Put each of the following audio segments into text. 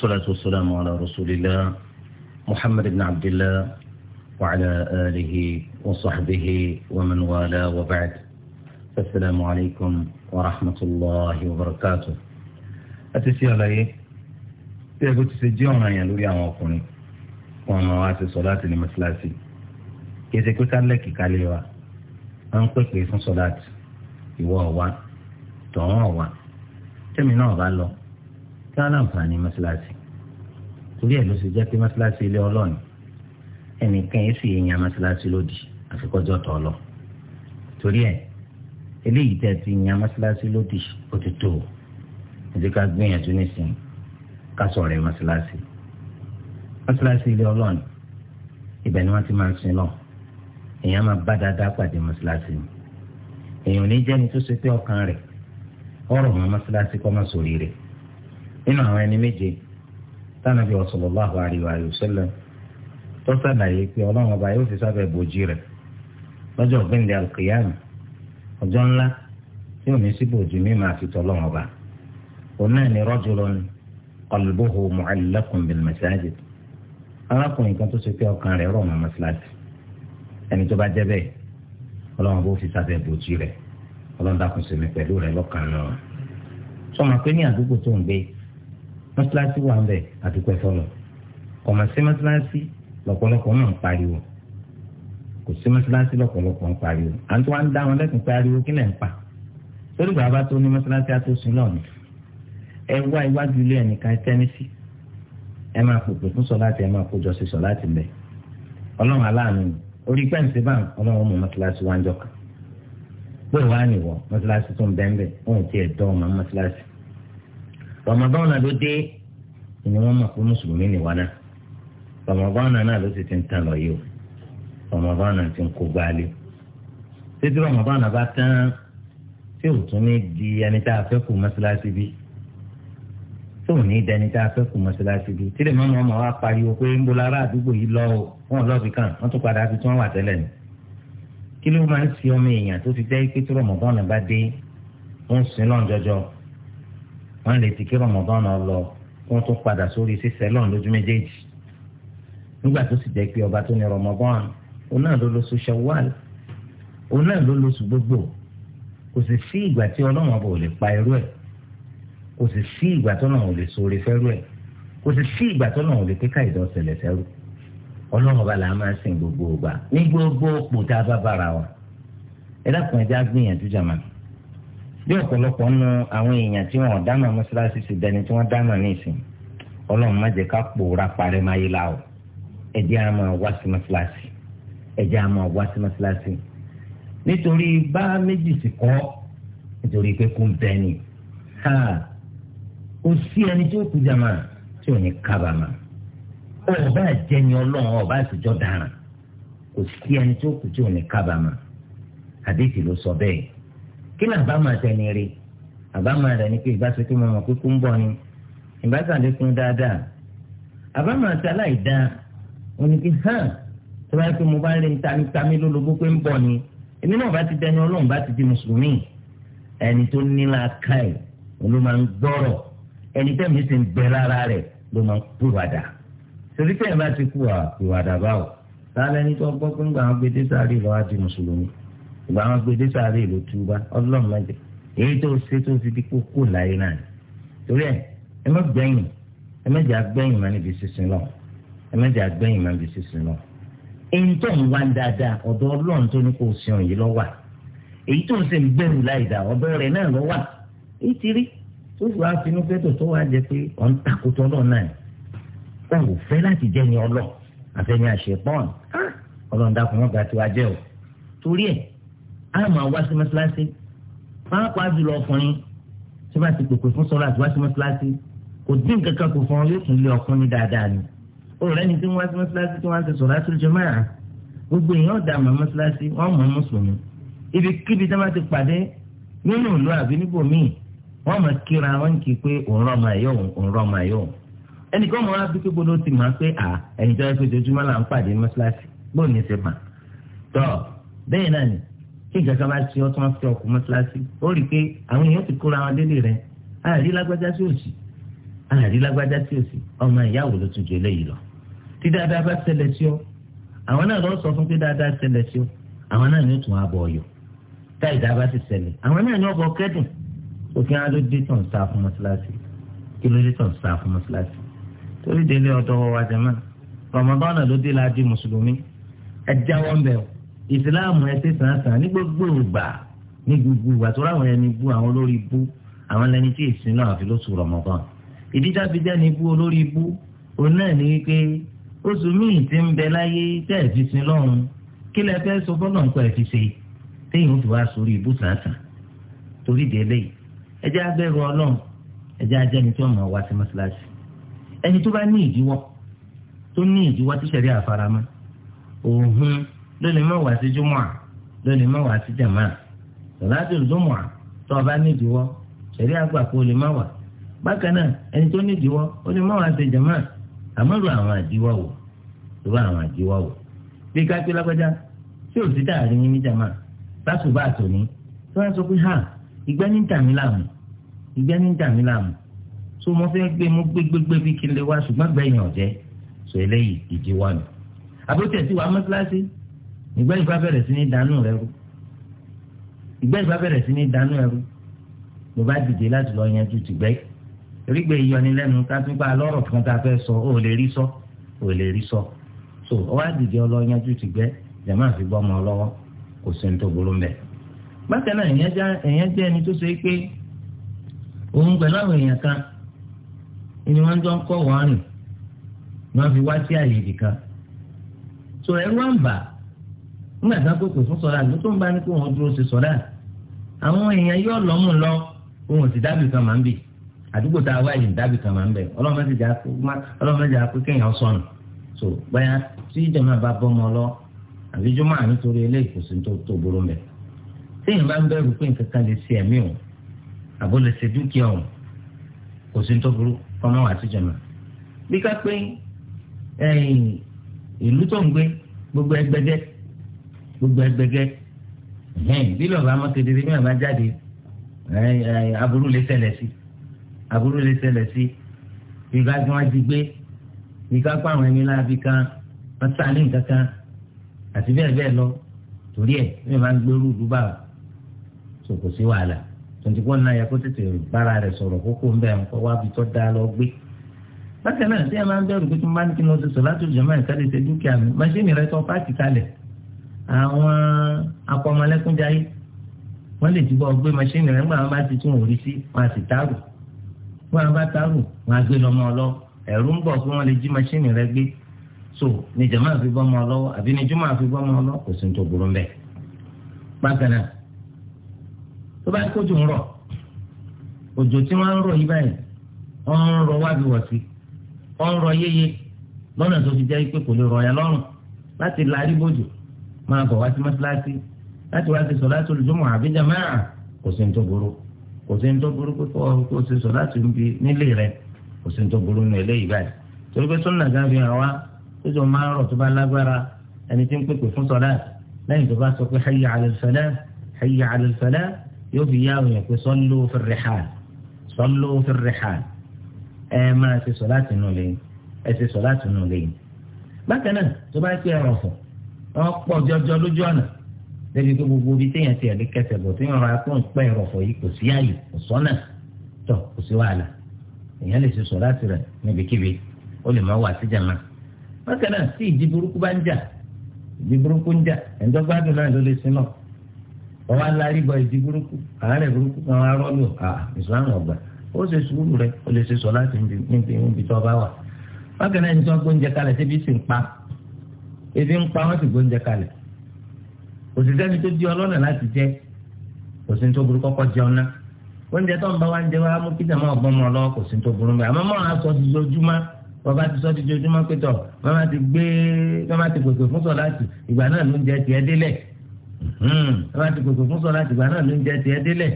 والصلاة والسلام على رسول الله محمد بن عبد الله وعلى آله وصحبه ومن والاه وبعد السلام عليكم ورحمة الله وبركاته أتسي علي تقول تسجيونا يا لوريا وقوني وما واتي صلاة لمسلاسي كيسي كتا لك كاليوا أن كيسن صلاة ìwọ wa tọ̀wọ́n wa tẹ́mi náà kí wọ́n láǹfààní mọ́ṣáláṣí torí ẹ̀ ló ṣe jẹ́ pé mọ́ṣáláṣí ilé ọlọ́ọ̀ni ẹnìkan yìí sì yan mọ́ṣáláṣí lòdì àfikọ́jọ́ tọ̀ lọ torí ẹ̀ eléyìí tẹ̀ ti yan mọ́ṣáláṣí lòdì ó ti tó o ẹ̀dí ká gbìyànjú nísìnyí ká sọ̀rọ̀ ẹ̀ mọ́ṣáláṣí mọ́ṣáláṣí ilé ọlọ́ọ̀ni ibẹ̀ ni wọ́n ti máa ń sin lọ èèyàn máa bá dáadáa pàdé mọ́ṣáláṣí ni èèyàn ò ní jẹ́ni tó ṣe pé ọkàn rẹ̀ nínú àwọn ẹni méje tánàbí sallallahu alaihi wa sallam tó sàlàyé pé ọlọ́run ọba yóò fi sábẹ́ bòjì rẹ̀ lọ́jọ́ gbẹ̀ndẹ̀ alqiyama ọjọ́ ńlá tí òní sí bòjì mímọ́ àti tọ́lọ́run ọba òun náà ni rajulun qalbuhu mu'allaqun bil masajid arákùnrin kan tó ṣe pé ọkàn rẹ̀ rọ̀ mọ́ mọ́sálásí ẹni tó bá jẹ́ bẹ́ẹ̀ ọlọ́run bó mọ́sálásí wà ń bẹ̀ àdúgbò ẹ̀fọ́nù kọ̀mọ̀ sí mọ́sálásí lọ́pọ̀lọpọ̀ náà ń pariwo kò sí mọ́sálásí lọ́pọ̀lọpọ̀ ń pariwo à ń tó wá ń dá wọn lẹ́kùn pariwo kí lẹ́ ń pa torí bàbá tó ní mọ́sálásí àtòsùn náà ni ẹ wá iwájú ilé ẹnìkan tẹ́nísì ẹ máa pòpè fún sọláàtì ẹ máa kójọ sí sọláàtì mbẹ ọlọ́run aláàánú orí pẹ́ǹsì bá ọlọ́run mú mọ́sálásí wájọ kan bóyá wá nìwọ mọ́sálásí tó ń bẹ́ńbẹ́ òun ti ẹ̀ dán ọmọ mọ́sálásí rọmọdọ́nà ló dé ni wọ́n mọ̀ pé mùsùlùmí ni wọ́n náà rọmọdọ́nà náà ló sì ti ń tàn lọ yìí o rọmọdọ́nà ti ń kó gbálẹ̀ títí rọmọdọ́nà bá tán tí ò tún ní di ẹni tá a fẹ́ kú mọ́ṣáláṣí bí tó ní dẹni tá a fẹ́ kú mọ́ṣáláṣí bí tí lè má mọ́ ọmọ wa pariwo pé ń bola ará àdúgbò yìí lọ o wọn lọ bí kàn wọn tún padà fi tí wọn wà tẹ́lẹ̀ ni kí ló máa ń fi ọmọ èèyàn tó fi jẹ́ pé tí rọmọdọ́nà bá dé wọ́n sin lọ́n jọjọ wọ́n retí kí Ramadan náà lọ kí wọ́n tún padà sórí sísẹ lọ́n lójú méjèèjì nígbà tó sì jẹ́ pé ọba tó ní Ramadan òun náà ló lóṣù Shawwal òun náà ló lóṣù gbogbo kò sì sí ìgbà tí Ọlọ́run ọba ò lè pa irú ẹ̀ kò sì sí ìgbà tó náà ò lè sóore fẹ́rú ẹ̀ kò sì sí ìgbà tó náà ò lè kíkà ìdọ́sẹ̀lẹ̀ fẹ́rú Ọlọ́run ọba là á máa sìn gbogbo ọgbà ní gbogbo òpó tá a bá bára wa ẹ dákun ẹ já gbìyànjú jàmáà bí ọ̀pọ̀lọpọ̀ nu àwọn èèyàn tí wọn dáná mọ́ṣáláṣí ti dẹni tí wọ́n dáná ní ọlọ́run má jẹ́ ká pòórá parẹ́ máa yé la o ẹ̀jẹ̀ á máa wá sí mọ́ṣáláṣí ẹ̀jẹ̀ á máa wá sí nítorí bá méjì sì kọ́ nítorí pé kún ha o sí ẹni tí ó kú jàmá tí ò ní ọlọ́run ọba àtijọ́ kò sí ẹni tí ó kú tí ò ní àdéhìí ló sọ bẹ́ẹ̀ kí ni àbámọ̀ àtẹni rè àbámọ̀ rẹ̀ ni pé ìbáṣe kí mo mọ̀ kúkú ń bọ̀ ni ìbáṣe àlékún dáadáa àbámọ̀ àti aláìda oníkì hàn tó bá yẹ pé mo bá rí ntamítami lólobó pé ń bọ̀ ni èmi náà bá ti dẹni ọlọ́run bá ti di mùsùlùmí ẹni tó nílá káì ló máa ń gbọ́rọ̀ ẹni tẹ́mi sì ń bẹ lára rẹ̀ ló máa ń pùwàdà torí tẹ́yìn bá ti kú àpùwàdà báwò lára ẹni tó gbọ́ pé ń gbà wọn gbé dé sáré lọ́wọ́ di mùsùlùmí ìgbà wọn gbé désàárè ìlú túbá ọlọ́run mẹ́jẹ èyí tó ṣe tó fi di kókó láyé náà ni torí ẹ ẹ má gbẹ̀yìn ẹ mẹ́jẹ agbẹ̀yìn máa níbi sísun lọ ẹ mẹ́jẹ agbẹ̀yìn máa níbi sísun lọ èyí tó ń wá dáadáa ọ̀dọ̀ ọlọ́run tó ní kó o sìn yìí lọ́wà èyí tó ń ṣe ń gbẹ̀rù láì dá ọ̀dọ̀ rẹ̀ náà lọ́wà èyí ti rí tó fi wá finú fẹ́tò tó wá jẹ pé ọ̀n takùtọ̀ lọ náà ni wọn ò fẹ́ láti jẹ́ ni ọlọ́ àfẹ́ni àṣepọ́n ọlọ́run dákun wọn gbà tí á máa wá sí mọ́sálásí pàápàá jùlọ ọkùnrin tí wọ́n ti pèpè fún sọ́lá àti wá sí mọ́sálásí kò dín nǹkan kan kò fún ọ yóò tún lé ọkùnrin dáadáa ni òrẹ́ ni tí wọ́n wá sí mọ́sálásí tí wọ́n ti sọ̀rọ̀ àti jàmáà gbogbo èèyàn dà mọ́ mọ́sálásí wọ́n mọ̀ mùsùlùmí ibikíbi tí wọ́n ti pàdé nínú ìlú àbí níbòmíì wọ́n mọ̀ kíra wọ́n kì í pé òun rọ́ọ̀mù ayọ̀ òun rọ́ọ̀mù ayọ̀ ẹnìkan mọ̀ wá bí pé gbọdọ̀ ti máa tí ìjọba bá ṣe ọtún wọn fi ọkọ mọ́ṣáláṣí ó rí i pé àwọn èèyàn ti kóra wọn délé rẹ àárí lágbájá sí òsì àárí lágbájá sí òsì ọmọ ìyáwó ló tún jẹ eléyìí lọ tí dáadáa bá ṣẹlẹ̀ sí ọ àwọn náà lọ sọ fún pé dáadáa ṣẹlẹ̀ sí ọ àwọn náà ní tún abọ ọyọ tá ìdá bá ti ṣẹlẹ̀ àwọn náà ní ọbọ kẹdùn òfin alóde tó ń sá fún mọ́ṣáláṣí kí ló dé tó ń sá fún mọ́ṣáláṣí torí délé ọ̀dọ̀ wa jẹ mọ Ramadan ló dé la di mùsùlùmí ẹ jáwọ́ ń bẹ o ìsìláàmù ẹsẹ̀ sàǹsàn ní gbogbo ìgbà ní gbogbo ìgbà tó ráwọn ẹni bú àwọn olórí bú àwọn lẹni tí ìsìn náà àfi lóṣù Ramadan ìdíjà fi ni bú olórí bú òun náà ní wípé oṣù míì ti ń bẹ láyé tẹ́ ẹ̀ fi sin lọ́run kí lẹ fẹ́ sọ fọ́nà nǹkan ẹ̀ fi ṣe téèyàn ti wá sórí ìbú sàǹsàn torí délé ẹjẹ́ abẹ́rù ọlọ́run ẹjẹ́ ajẹ́ni tí wọ́n mọ̀ wá sí mọ́ṣáláṣí ẹni tó bá ní ìdíwọ́ tó ní ìdíwọ́ tíṣẹ̀rí àfaramọ́ òun ló lè má wá sí júmọ́ à ló lè má wá sí jàmá sọ̀láàtì júmọ́ à tó o nídìíwọ́ ṣẹ̀rí àgbà o lè má wá bákan náà ẹni tó nídìíwọ́ ó lè má wá sí jàmá àmọ́ ru àwọn àdíwọ́ wò ru àwọn àdíwọ́ wò bí kápẹ́ lágbájá tí ò sí dàrí yín ní jàmá sásùbà àtòní tí wọ́n sọ pé ha ìgbẹ́ ní tàmí làmù ìgbẹ́ ní tàmí làmù tó mo fẹ́ gbé mo gbé bí kí n lè wá ṣùgbọ́n gbẹ̀yìn ọ̀jẹ́ sọ eléyìí ìdíwọ́ ni àbótẹ́sí wa mọ́tíláṣí ìgbẹ́ni bá bẹ̀rẹ̀ sí ní dànù rẹ rú ìgbẹ́ni bá bẹ̀rẹ̀ sí ní dànù rẹ rú ló bá dìde láti lọ yanjú tìgbẹ́ rígbẹ́ ìyọnilẹ́nu kátúgbà lọ́rọ̀ kan tá a sọ ó lè rí sọ ó lè rí sọ so ó wá dìde ọlọ yanjú tìgbẹ́ jàmá àfi bọ́ ọmọ lọ́wọ́ kò sí ní tó burú mẹ́. bákan náà èèyàn jẹ́ ẹni tó ṣe é pé òun pẹ̀lú àwọn èèyàn kan ni wọ́n jọ ń kọ́ wọ́n rìn wọ́n fi wá sí àyè ibì kan so ẹ̀rù nígbà tí wọn pè kò fún sọlá ló tó ń bá ní kó wọn dúró ṣe sọlá àwọn èèyàn yóò lọ́mú lọ òun ò sì dábì kan máa ń bì àdúgbò tá a wáyé dábì kan máa ń bẹ̀ ọlọ́mọdé àpé kéèyàn sọnù so báyà tí ìjọba bá bọ́mọ lọ àbíjọ́ máa nítorí eléyìí kò sí tó tó burú mẹ́ téèyàn bá ń bẹ̀rù pé nǹkan kan lè ṣe ẹ̀mí òun àbó lè ṣe dúkìá òun kò sí tó burú kọ́mọ wà síjọba bí ká pé ìlú tó ń gbé gbogbo ẹgbẹ́jẹ́ gbogbo ẹgbẹgẹ bí bàbá mọ́kedere bí bàbá jáde aburú lè ṣẹlẹ̀ sí aburú lè ṣẹlẹ̀ sí ìgbà tí wọ́n ti gbé ìgbà pa àwọn ẹni láabi kan wọ́n sálẹ̀ nǹkan kan àti bẹ́ẹ̀ bẹ́ẹ̀ lọ torí ẹ̀ bí wọ́n máa ń gbèrú dùbà so kò sí wàhálà tuntun kó náà yẹ kó tètè bára rẹ̀ sọ̀rọ̀ kókó ń bẹ̀ ń kọ́ wá bí tó dá lọ gbé bákan náà tí ẹ máa ń bẹ̀rù pé tí wọ́n bá ní kí n lọ sí sọ̀ àwọn akọmọlẹ́kúnjayé wọ́n lè túbọ̀ gbé mọ́ṣínì rẹ̀ ńgbà wọn bá ti tún òrí sí wọn àti tààrù wọn bá tààrù wọn á gbé lọ́mọ ọlọ́ ẹ̀rú ń bọ̀ pé wọ́n lè jí mọ́ṣínì rẹ̀ gbé so ní jama àfi bọ́ ọmọ ọlọ́wọ́ àbí ní juma àfi bọ́ ọmọ ọlọ́wọ́ kò sí ní tó burú mbẹ́. bákan náà tó bá kójú ń rọ̀ òjò tí wọ́n ń rọ̀ yí báyìí wọ́n ń rọ̀ wá bí sí wọ́n ń rọ̀ yéye lọ́nà tó fi jẹ́ pé kò lè rọ̀ ya lọ́rùn láti la arígbòjò máa bọ̀ wá sí mọ́sálásí láti wá sí sọ̀látul jumu'a àbí jàmáà kò sí ní tó burú kò sí ní tó burú pé kó o ṣe sọ̀láàtì níbi nílé rẹ kò sí ní tó burú nínú eléyìí báyìí torí pé sunna gan fi hàn wá tóso máa ń rọ̀ tó bá lágbára ẹni tí ń pèpè fún sọ̀láàtì lẹ́yìn tó bá sọ pé hayya 'ala al-falah yóò fi yá òyìn pé sallu fi rihal sallu ẹ máa ṣe sọ̀láàtì nù lẹ́yìn ẹ ṣe sọ̀láàtì nù lẹ́yìn bákan náà tó bá ṣe ẹ̀rọ̀ fún wọ́n pọ̀ jọjọ lójú ọ̀nà débi pé gbogbo ibi téèyàn ti ẹ̀lẹ́ kẹsẹ̀ bọ̀ tí wọ́n ra kó ń pẹ́ ìrọ̀fọ̀ yìí kò sí ààyè kò sọ́nà tọ̀ kò sí wàhálà èèyàn lè ṣe sọ láti rẹ̀ níbikíbi ó lè má wà sí jàmá bákan náà tí ìdí burúkú bá ń jà ìdí burúkú ń jà ẹ̀ńdọ́gbádùn náà ló lè sin náà wọ́n wá lárí bọ ìdí burúkú àárẹ̀ burúkú kan wá rọ́ọ̀lù ìsìláàmù ọ̀gbà ó ṣe sùúrù rẹ̀ ó lè ṣe sọ láti níbi tó bá wà bákan náà ebi ń pa wọn sì gbóúnjẹ kalẹ̀ òṣìṣẹ́ ni tó di ọlọ́nà láti jẹ òṣìṣẹ́ tó burú kọ́kọ́ jẹun ná oúnjẹ tó ń bá wa ń jẹ wa mú kí jàmá ọgbọ́n mọ́ lọ́wọ́ kò sí tó burú mọ́ àmọ́ máa sọ ti dojúmọ́ bàbá ti sọ ti dojúmọ́ pé tọ̀ bàbá ti gbé bàbá ti pèsè fún sọ láti ìgbà náà ló ń jẹ tiẹ̀ délẹ̀ bàbá hmm, ti pèsè fún sọ láti ìgbà náà ló ń jẹ tiẹ̀ délẹ̀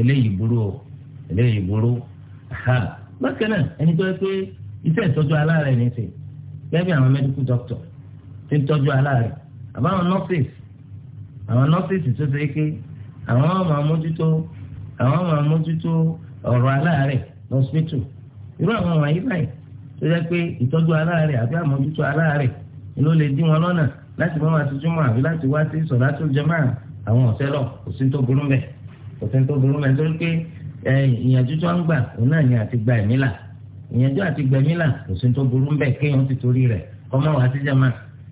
eléyìí burú o eléyìí burú bákan náà ẹni tó yẹ pé iṣẹ́ ìtọ́jú aláàrẹ̀ ní í ṣe gẹ́gẹ́ bí àwọn mẹ́díkù dókítọ̀ tí ń tọ́jú aláàrẹ̀ àbáwọn nọ́ọ̀sìs àwọn nọ́ọ̀sìs tó ṣe é ké àwọn ọmọ amójútó àwọn ọmọ amójútó ọ̀rọ̀ aláàrẹ̀ lọ́sítù irú àwọn wọ̀nyí báyìí tó jẹ́ pé ìtọ́jú aláàrẹ̀ àbí àmójútó aláàrẹ̀ ló lè dín wọn lọ́nà láti mọ́ àti túmọ̀ àbí láti wá sí sọ̀dátù jẹ́mọ́ àwọn ọ̀sẹ́ lọ kò sí tó burú mẹ́ kò sí tó burú mẹ́ torí pé ìyànjú tó ń gbà òun náà ni àti gba ẹ̀mí là ìyànjú àti gbẹ̀mí là kò sí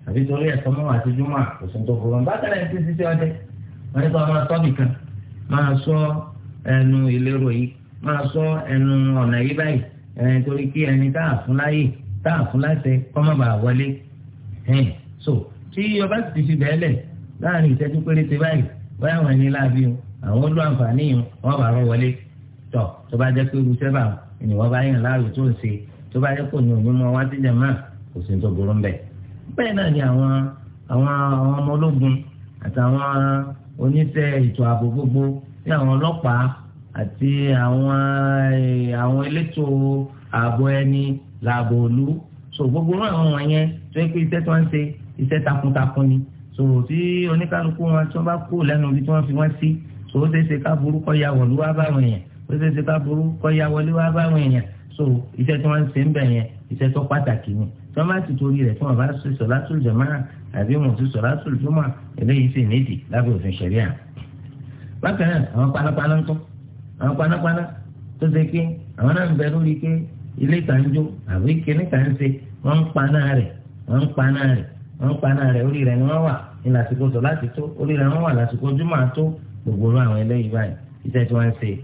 àbí torí ẹ̀sọ́ mọ́ àti júmọ́ òsùn tó burú bákan náà ti ṣiṣẹ́ ọdẹ wọ́n ní kó máa sọ nìkan máa sọ ẹnu ìlérò yìí máa sọ ẹnu ọ̀nà yìí báyìí ẹni torí kí ẹni tá àfúnláyè tá àfúnláṣẹ kọ́ má bàa wọlé ẹ̀ẹ́n so tí ọba ti fi bẹ́ẹ̀ lẹ̀ láàrin ìṣẹ́jú péréte báyìí báyà wọn ní láàbí o àwọn olú àǹfààní yìí wọ́n bá rọ wọlé tọ̀ tó bá jẹ́ pé irúṣẹ́ bá ni wọ́n bá yàn láàrú tó ń ṣe tó bá jẹ́ pé òní òní mọ́ wá sí jẹ̀mọ́ kò sí ní tó burú ń bẹ́ẹ̀ bẹ́ẹ̀ náà ni àwọn àwọn àwọn ọmọ ológun àtàwọn oníṣẹ́ ètò ààbò gbogbo ní àwọn ọlọ́pàá àti àwọn àwọn elétò ààbò ẹni làbò òlu so gbogbo àwọn wọ̀nyẹn tó yẹ pé iṣẹ́ tí wọ́n ń ṣe iṣẹ́ takuntakun ni so tí oníkálukú wọn tí wọ́n bá kú lẹ́nu ibi tí wọ́n fi wọ́n sí so ó ṣeéṣe ká burú kọ́ ya wọ̀lú wá báwọn èèyàn ó ṣeéṣe ká burú kọ́ ya wọlé wá báwọn èèyàn so iṣẹ́ tí wọ́n ń ṣe ń bẹ̀ yẹn iṣẹ́ tó pàtàkì ni tí wọ́n bá ti torí rẹ̀ tí wọ́n bá ṣe sọ̀látùl jàmáà àbí wọn ti sọ̀látùl jùmọ̀ eléyìí sì nídì lábẹ́ òfin ṣẹ̀ríà. bákan náà àwọn panápaná ń tọ́ àwọn panápaná tó ṣe pé àwọn náà ń bẹ lórí pé ilé kan jó àbí kíní kan ń ṣe wọ́n ń paná rẹ̀ wọ́n ń paná rẹ̀ wọ́n ń paná rẹ̀ orí rẹ̀ ni wọ́n wà ní lásìkò sọ̀láti tó orí rẹ̀ wọ́n wà lásìkò jùmọ̀ tó gbogbo àwọn eléyìí báyìí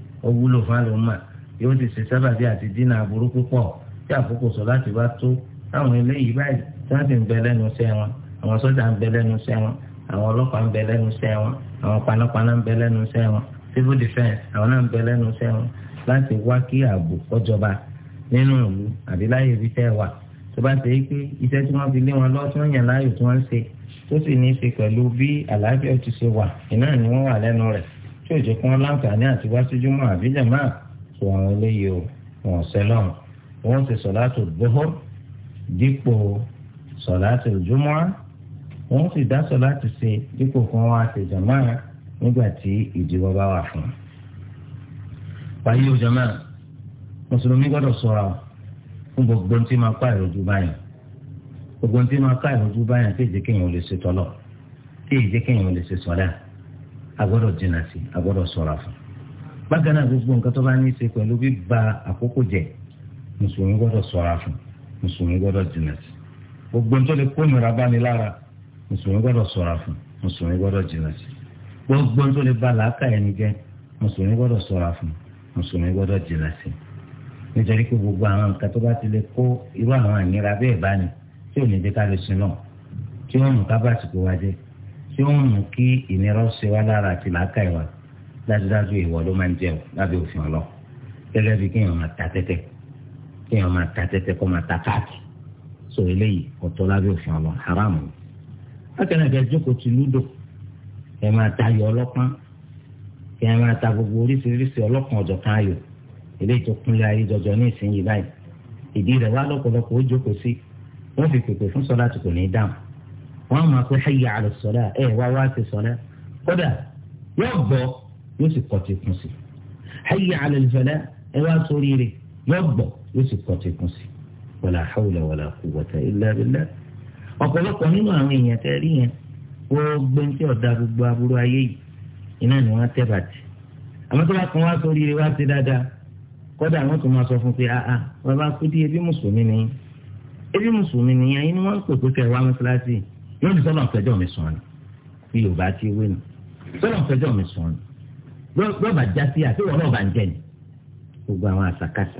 àwọn eléyìí báyìí tí wọ́n sì ń bẹ lẹ́nu iṣẹ́ wọn àwọn sọ́jà ń bẹ lẹ́nu iṣẹ́ wọn àwọn ọlọ́pàá ń bẹ lẹ́nu iṣẹ́ wọn àwọn panápaná ń bẹ lẹ́nu iṣẹ́ wọn civil defence àwọn náà ń bẹ lẹ́nu iṣẹ́ wọn láti wá kí ààbò kọjọba nínú ìlú àbí láyé ibi tẹ́ wà tó bá ṣe pé iṣẹ́ tí wọ́n fi lé wọn lọ tí wọ́n yàn láàyò tí wọ́n ṣe tó sì ní í ṣe pẹ̀lú bí àlàáfíà ti ṣe wà iná ni wọ́n wà lẹ́nu rẹ̀ tí ò jẹ́ kí wọ́n láǹfààní àti wá síjú mọ́ àbíjà máa sọ àwọn eléyìí o wọn ṣẹlọ́run wọ́n ti sọ láti gbóhóró dípò sọ̀láàtì òjúmọ́ wọ́n sì dá sọ̀láàtì ṣe dípò kan wá ṣe jàmá nígbà tí ìdíwọ́ bá wà fún un. wáyé o mùsùlùmí gbọ́dọ̀ ṣọ́ra fún gbogbo tí máa pa ìrọ̀jú báyìí gbogbo tí máa pa ìrọ̀jú báyìí tí èjì kéèyàn ò lè ṣe tọ́lọ̀ tí èjì kéèyàn ò lè ṣe sọ̀lá agbọ́dọ̀ jìnnà sí agbọ́dọ̀ ṣọ́ra fún un bákan náà gbogbo nǹkan tó bá ní í ṣe pẹ̀lú bíba àkókò jẹ mùsùlùmí gbọ́dọ̀ ṣọ́ra fún mùsùlùmí gbọ́dọ̀ jìnà sí gbogbo nítorí lè kó nira bá ní lára mùsùlùmí gbọ́dọ̀ ṣọ́ra fún mùsùlùmí gbọ́dọ̀ jìnà sí gbogbo nítorí lè ba làákà ẹni jẹ́ mùsùlùmí gbọ́dọ̀ ṣọ́ra fún mùsùlùmí gbọ́dọ̀ jìnà sí nítorí pé gbogbo àwọn nǹkan tó bá ti lè kó irú àwọn àníra bẹ́ẹ̀ bá ní tí ò ní dé ká lè sin náà tí ó mú ká bá àsìkò wa tí ó mú kí ìnira ó kéèyàn máa ta tẹ́tẹ́ kó máa ta káàdì so eléyìí ọ̀tọ̀ lábẹ́ òfin ọlọ haram ni. akẹ́nà ìgbà jókòó ti lúdò kẹ́ máa ta ayò ọlọ́pàá kẹ́ máa ta gbogbo oríṣiríṣi ọlọ́kan ọ̀jọ̀kan ayò eléyìí tó kúnlẹ̀ ayé jọjọ ní ìsinyìí báyìí ìdí rẹ̀ wá lọ́pọ̀lọpọ̀ ó jókòó sí wọ́n fi pèpè fún sọ́lá tó kò ní í dáhùn wọ́n á máa pé hayya ala sọ́lá ẹ̀ wá wá sí sọ́lá kódà yóò gbọ́ yóò sì kọ́ ti kùn sí hayya ala al ẹ wá sórí rẹ̀ yóò gbọ́ yóò sì kọ́ tikun sí wàlà hàwùlà wàlà quwwata illa billah ọ̀pọ̀lọpọ̀ nínú àwọn èèyàn tẹ́ rí yẹn wọ́n gbé ní ọ̀dà gbogbo aburú ayé yìí iná ni wọ́n tẹ́ bàtì àmọ́ tó bá kàn wá sórí rẹ̀ wá sí dáadáa kọ́dà wọ́n tún máa sọ fún pé ah ah bàbá kúdí ebi mùsùlùmí ni ebi mùsùlùmí ni ẹ̀yin ni wọ́n ń pè pé kẹ́ wá mọ́ṣáláṣí yóò ní sọ́nà ọ̀fẹ́jọ́ mi sùn ni yorùbá ti wé ni sọ́nà ọ̀fẹ́jọ́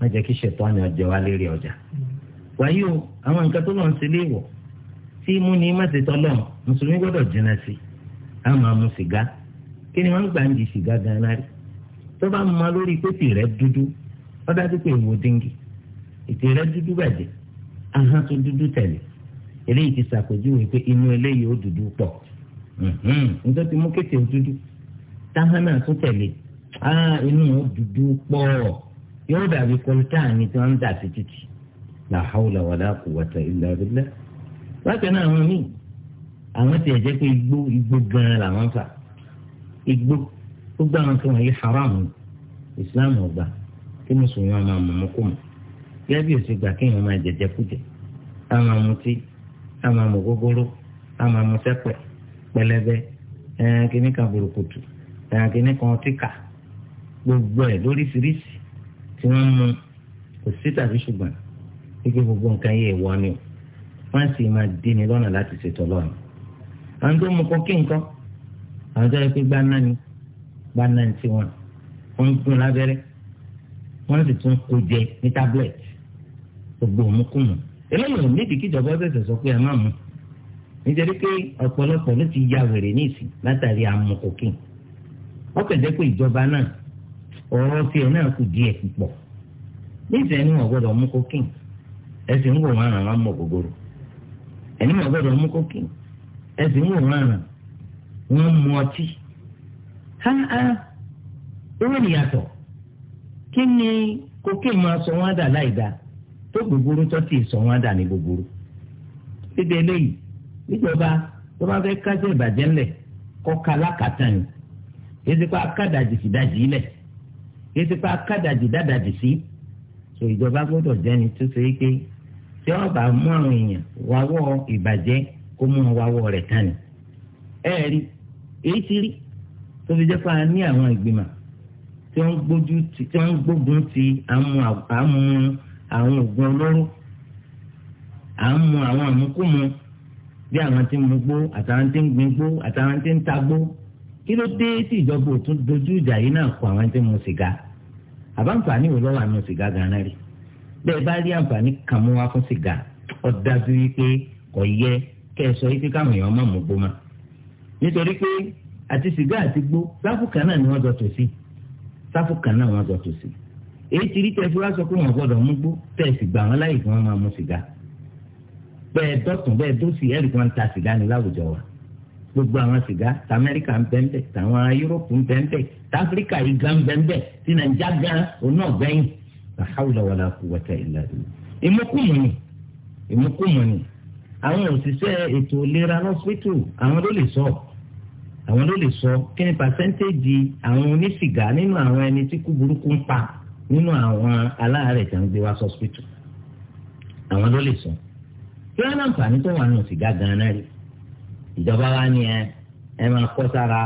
má jẹ́ kí ṣètọ́ni ọjọ́ wa lérí ọjà. wàyí o àwọn nǹkan tó lọ́n ṣe léèwọ̀ tí mú ni má ṣe tọ́lọ̀ mùsùlùmí gbọ́dọ̀ jìnnà sí i á máa mu sìgá kí ni wọ́n ń gbà ń di sìgá gan-an rí tó bá mọ lórí pépì rẹ dúdú ó dájú pé èwo díngì ètè rẹ dúdú bàjẹ́ ahọ́n tó dúdú tẹ̀lé eléyìí ti ṣàpèjúwe pé inú eléyìí ó dúdú pọ̀ nítorí ti mú kété dúdú táhánà tó tẹ̀lé ah inú ó dúdú pọ̀ yóò dàbí kọ́ńtà ni tí wọ́n ń dà sí títì la hawla wala quwwata illa billah bákan náà àwọn míì àwọn tiẹ̀ jẹ́ pé igbó igbó gan-an làwọn fà igbó gbogbo àwọn tí wọ́n yí haram islam ọgbà kí mùsùlùmí wọn máa mọ̀ mọ́kò mọ́ gẹ́gẹ́ bí òsì gbà kéèyàn máa jẹjẹ kújẹ á máa mutí á máa mọ gógóró á máa mu sẹ́pẹ̀ pẹlẹbẹ ẹ̀ẹ́n burúkutu ẹ̀ẹ́n tíkà gbogbo ẹ̀ lóríṣiríṣi tí wọ́n mú kò sí tàbí ṣùgbọ́n wípé gbogbo nǹkan yẹ ìwọ ni o wọ́n sì máa dín ní lọ́nà láti ṣètò lọ́nà. àwọn tó mú kọ́kí nǹkan àwọn tó yẹ pé gbaná ni gbaná ni tiwọn wọ́n ń gún lábẹ́rẹ́ wọ́n sì tún kó jẹ ní tábìlẹ̀tì gbogbo òmùkùmù eléyìí ò nídìí kíjọba ṣẹ̀ṣẹ̀ sọ pé ẹ má mú nítorí pé ọ̀pọ̀lọpọ̀ ló ti ya wèrè ní ìsìn látàrí àmú kòkí ọkọ̀ ìjọba náà ọ̀rọ̀ tiẹ̀ náà kù díẹ̀ púpọ̀ níṣẹ́ ẹni wọ́n gbọ́dọ̀ mú kókìn ẹ̀sìn ń wò wọ́n àràn wọn mọ̀ mú kókìn ń wò ha ha owó ìyàtọ̀ kí ni kókìn máa sọ dà láìda tó gbogbooro sọ dà ní eléyìí tó bá fẹ́ kájọ ìbàjẹ́ ńlẹ̀ lákàtà kí si pa kádàjì dádàjì sí so ìjọba gbọdọ jẹni tó ṣe é pé tí wọ́n bá mú àwọn èèyàn wáwọ́ ìbàjẹ́ kó mú wọn wáwọ́ ni ẹ rí èyí ti rí tó fi jẹ́ pé a ní àwọn ìgbìmọ̀ tí gbójú ti tí wọ́n gbógun ti àmú àwọn òògùn olóró àmú àwọn àmúkùmù bí àwọn tí ń mu gbó àtàwọn tí ń gbin gbó àtàwọn ti ń ta gbó kí ló dé tí mu sìgá àbáǹfààní wo lọ́wọ́ àmì sìgá gan-an rí bẹ́ẹ̀ bá rí àǹfààní kan mú wá fún sìgá ó dájú wípé kò yẹ kẹ́ ẹ sọ wípé káwọn èèyàn má mú gbó má nítorí pé àti sìgá àti gbó sáfù kan náà ni wọ́n jọ tò sí sáfù kan náà wọ́n jọ tò sí èyí ti rí tẹ́sí wá sọ pé wọ́n gbọ́dọ̀ mú gbó tẹ̀sí gbà wọ́n láyè kí wọ́n máa mú sìgá bẹ́ẹ̀ dọ́tún bẹ́ẹ̀ dọ́sì ẹ̀rì kan ta sìgá ni láwùjọ wa gbogbo àwọn sìgá tí amẹ́ríkà ń bẹ́ńbẹ́ tàwọn yúróòpù ń bẹ́ńbẹ́ táfíríkà yìí gan bẹ́ńbẹ́ tí nàìjíríà gan oná ọ̀gbẹ́yìn làhàwùlà wàlà quwwata illa billah. ìmúkùmù ni ìmúkùmù ni àwọn òṣìṣẹ́ ètò ìlera lọ́sítù àwọn ló lè sọ àwọn ló lè sọ kí ni pàṣẹ́ntéèjì àwọn onísìgá nínú àwọn ẹni tí kú burúkú ń pa nínú àwọn aláàárẹ̀ tí wọ́n gbé wá sọ́sítù àwọn ló lè sọ. kí wọ́n náà ń fà ní tó wà nù sìgá gan-an náà rí ìjọba wa ni ẹ ẹ máa kọ́ sára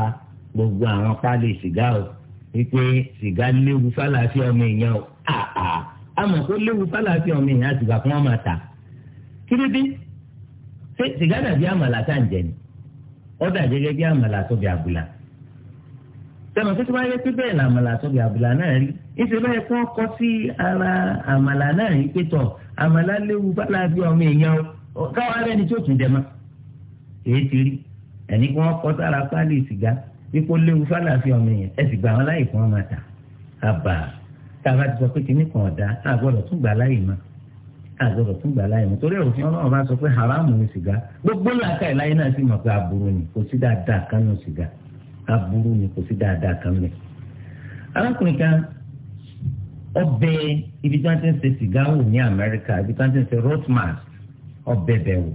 gbogbo àwọn páálí sìgá o wípé sìgá léwu fálàáfíà ọmọ èèyàn o àà àmọ́ kó léwu fálàáfíà ọmọ èèyàn àtìgbà fún ọmọ ta kí ló dé ṣé sìgá dàbí àmàlà tá à ń jẹ ni ó dà gẹ́gẹ́ bí àmàlà tó bí àbùlà tẹmọ tó ti wáyé pé bẹ́ẹ̀ ni àmàlà tó bí àbùlà náà rí ìṣe bẹ́ẹ̀ kọ́ kọ́ sí ara àmàlà náà rí pé tọ̀ àmàlà léwu fálàáfíà ọmọ èèyàn o káwá rẹ́ni tó tún jẹ mọ́ èyí ti rí ẹni kí wọ́n kọ́ sára pálí sìgá ipò léwu fálàfi ọmọ yẹn ẹ sì gba àwọn láyè kí wọ́n máa tà àbà táwa ti sọ pé kìíní kan ọ̀dà àgbọ̀dọ̀ tún gbà láyè mọ́ àgbọ̀dọ̀ tún gbà láyè mọ́ torí òfin ọlọ́run bá sọ pé haramu ni sìgá gbogbo làákà ẹ̀ láyé náà sì mọ̀ pé aburú ni kò sí dáadáa kan nù sìgá aburú ni kò sí dáadáa kan mẹ́. arákùnrin kan ọbẹ̀ ibi tí wọ́n ti ń ṣe sìgá wò ní Amẹ́ríkà ibi tí wọ́n ti ń ṣe rotmans ọbẹ̀ bẹ̀ wò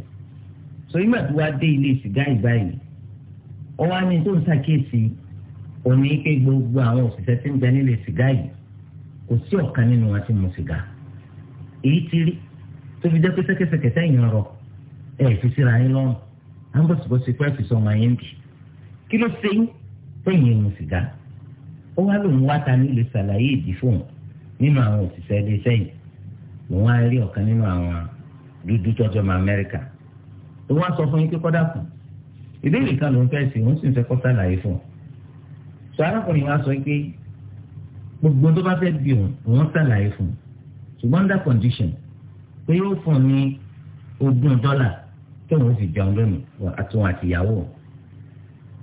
so nígbà tó wá dé ilé sìgá ìbáyìí ó wá ní tó ń ṣàkíyèsí òní pé gbogbo àwọn òṣìṣẹ́ tí ń bẹ nílé sìgá yìí kò sí ọ̀kan nínú wọn sìgá èyí ti rí tó fi jẹ́ pé sẹ́yìn ọ̀rọ̀ ẹ̀ fi síra yín lọ́rùn à ń bọ̀ sí sọ bì kí ló ṣe ìwọ á sọ fún yín kíkọ́ dàkùn ìbéèrè kan ló ń fẹ́ sí òun sì ń fẹ́ kọ́ sàlàyé fún un sọ arákùnrin wa sọ pé gbogbo tó bá fẹ́ bí òun òun sàlàyé fún un ṣùgbọ́n under condition pé yóò fún un ní ogún dọ́là tí òun sì jẹun lónìí àtúnwò àtìyàwó òun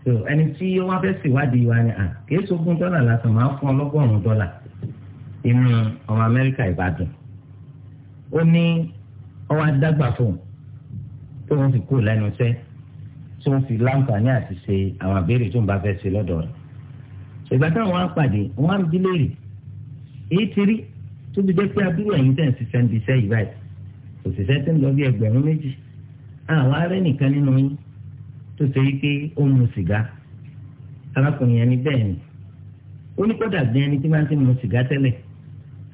so ẹni tí wọ́n fẹ́ ṣèwádìí wa ni à kìí ṣogún dọ́là lásán máa fún ọlọ́gọ́rùn-ún dọ́là inú ọmọ amẹ́ríkà ìbàdàn ó ní ọwọ́ adágbà fún un tó ń fi kú lẹ́nu iṣẹ́ tó ń fi láǹfààní àti ṣe àwọn àbẹ̀rẹ̀ tó ń bá fẹ́ ṣe lọ́dọ̀ rẹ̀. ìgbà táwọn á pàdé wọn á bí léèrè èyí ti rí tó fi jẹ́ pé abúrò ẹ̀yìn tẹ̀ ń ṣiṣẹ́ ń diṣẹ́ yìí báyìí òṣìṣẹ́ tó ń lọ bí ẹgbẹ̀rún méjì àwọn arẹ́ nìkan nínú yín tó ṣe wípé ó mu sìgá arákùnrin ẹni bẹ́ẹ̀ ni ó ní kódà bí ẹni tí máa ti mu sìgá tẹ́lẹ̀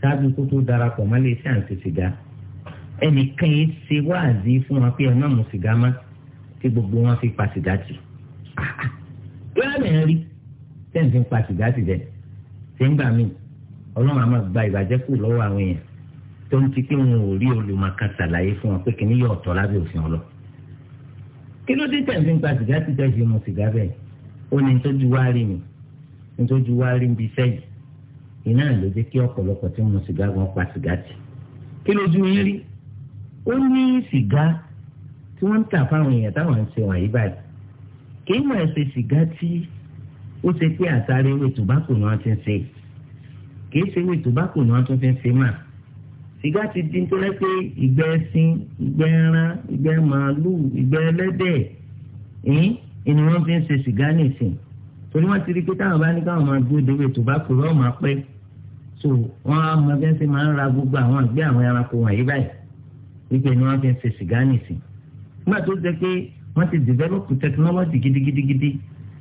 ṣáájú kó tó darapọ̀ mọ́lẹ̀ iṣẹ́ à ẹnìkan yìí ṣe wáàzí fún wọn pé ẹ má mu sìgá má tí gbogbo wọn fi pa sìgá tì tó yà mẹ́rin rí tẹ́ǹtì ń pa sìgá tì dẹ̀ ṣé ń gbà mí ọlọ́run àmọ́ gba ìbàjẹ́ kù lọ́wọ́ àwọn èèyàn tó ń ti pé wọn ò rí olùmọ̀ọ́ká ṣàlàyé fún wọn pé kìnní yọ ọ̀tọ̀ lábẹ́ òfin ọlọ kí ló dé tẹ̀sí ń pa sìgá tì tẹ̀ fi mu sìgá bẹ́ẹ̀ ó ní nítorí wá rí mi nítorí wá rí mi sẹ́yìn iná ló dé kí ọ̀pọ̀lọpọ̀ tí mu sìgá gan pa sìgá tì kí lójú yín rí ó ní sìgá tí wọ́n ń tà fáwọn èèyàn táwọn ń ṣe wọ̀nyí báyìí kì í máa ṣe sìgá tí ó ṣe pé àtàrí ewé tòbákù ni wọ́n ti ń ṣe kì í ṣe ewé tòbákù ni wọ́n tún fi ń ṣe mà sìgá ti di tó pé ìgbẹ́ ẹṣin ìgbẹ́ ẹran ìgbẹ́ màálù ìgbẹ́ ẹlẹ́dẹ̀ ẹ̀yìn ni wọ́n fi ń ṣe sìgá nìsín torí wọ́n ti rí pé táwọn bá ní káwọn máa dúró ewé tòbákù lọ́ọ́ pẹ́ so wọ́n á mọ bí wọ́n ṣe máa ń ra gbogbo àwọn àgbẹ̀ àwọn ẹranko wọ̀nyí báyìí wípé ni wọ́n fi ń ṣe sìgá nìsín nígbà tó jẹ́ pé wọ́n ti develop technology gidigidigidi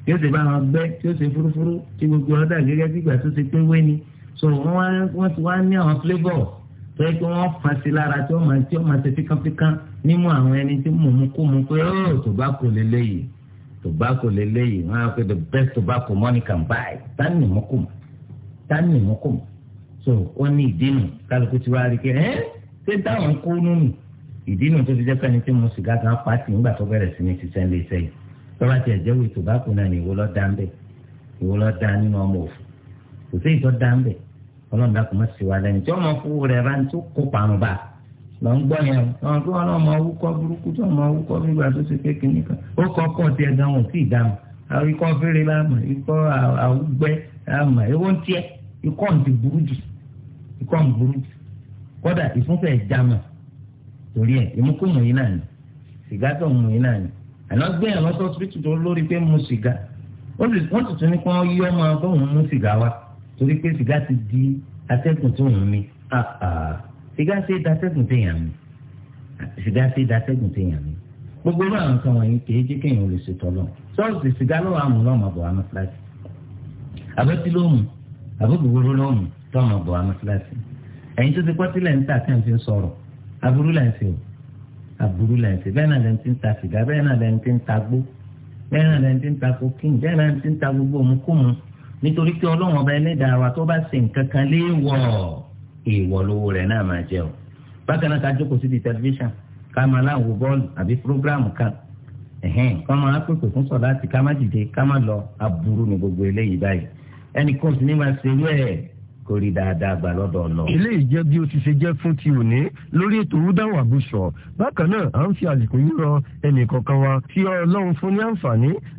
yóò ṣe bá wọn gbẹ́ tí ó ṣe fúrúfúrú tí gbogbo ọ̀dà gẹ́gẹ́ bí ìgbà tó ṣe pé wé ni so wọ́n ti wá ní àwọn flavour tó yẹ kí wọ́n fà sí lára tí wọ́n máa tí wọ́n máa ṣe fíkánfíkán nímú àwọn ẹni tí mò ń kú mu pé ó oh, tobacco lélẹ́yìí tobacco lélẹ́yìí wọ́n á pe the best tobacco money can buy tani mọ́kùmọ́ tani mọ́kùmọ́ so ó ní ìdí nù kálukú ti wá rí kí ẹ́ ṣé dáhùn kó nínú ìdí nu tó fi jẹ́ pẹ́ni tí mo sìgá kan pa sí nígbà tó bẹ̀rẹ̀ sí ní ṣiṣẹ́ ilé iṣẹ́ yìí tọ́ba tiẹ̀ jẹ́ wo tobacco náà ní ìwọ lọ́ọ́ dá ń bẹ̀ ìwọ lọ́ọ́ dá nínú ọmọ òfin kò sí ìtọ́ dá ń bẹ̀ ọlọ́run dàkú má sì wá lẹ́nu tí ọmọ fún rẹ̀ bá ń tó kó parun bá lọ ń gbọ́ yẹn o ọmọ tó wọn náà mọ awúkọ́ burúkú tó mọ awúkọ́ nígbà tó ṣe pé kìnnì kan ó kọ́ kọ́ tiẹ̀ gan wọn ò tíì dáhùn àwọn ikọ́ fèrè láàmà ikọ́ àwùgbẹ́ láàmà èwo ń tiẹ̀ ikọ́ ń ti burú jù ikọ́ ń burú jù kódà ìfúnfẹ́ jama torí ẹ̀ ìmúkúmù yìí náà ni sìgá tó mú yìí náà ni àná gbé ẹ̀ lọ́sọ̀ síbítù tó lórí pé mu sìgá wọ́n tuntun ní kí wọ́n yí ọmọ bóun mú sìgá wa torí pé sìgá ti di atẹ́gùn tó ń mi ah, ah. sìgá ṣe é datẹ́gùn tó yàn mí sìgá ṣe é datẹ́gùn tó yàn mí gbogbo irú àwọn nǹkan wọ̀nyí kì í jẹ́ kéèyàn lè ṣètò lọ sọ́ọ̀sì sìgá ló wà mú lọ́mọ bọ̀ wá mọ́sálásì àbẹ́tí ló mú àbẹ́gbogbo ló mú ẹ̀yin tó ti pọ́tí lẹ́yìn tá àti ẹ̀fín sọ̀rọ̀ aburú lẹ́yìn sí o aburú lẹ́yìn sí bẹ́ẹ̀ náà lẹ́yìn tí ń ta sìgá bẹ́ẹ̀ náà lẹ́yìn tí ń ta gbó bẹ́ẹ̀ náà lẹ́yìn tí ń ta kokéènì bẹ́ẹ̀ náà lẹ́yìn tí ń ta gbogbo òmùkùmù nítorí pé ọlọ́run ọba ẹlẹ́dàá wa tó bá ṣe nǹkan kan léèwọ̀ èèwọ̀ lówó rẹ̀ náà máa jẹ o bákan náà ká jókòó sí tẹlifíṣàn ká máa láwo bọ́ọ̀lù àbí prógráàmù kan ẹ̀hẹ́n kọ́ máa pèpè fún sọ̀ ká má dìde ká má lọ aburú ni gbogbo eléyìí báyìí ẹnì kóòtù ní ṣerú ẹ̀ kó rí dáadáa gbà lọ́dọ̀ ọ̀nà. ilé ìjẹ́ bí o ti ṣe jẹ́ fún ti òní lórí ètò rúdáwọ̀ àbúṣọ bákan náà à ń fi àsìkò yìí rọ ẹnì kọ̀ọ̀kan wa tí ọlọ́run fún ní àǹfààní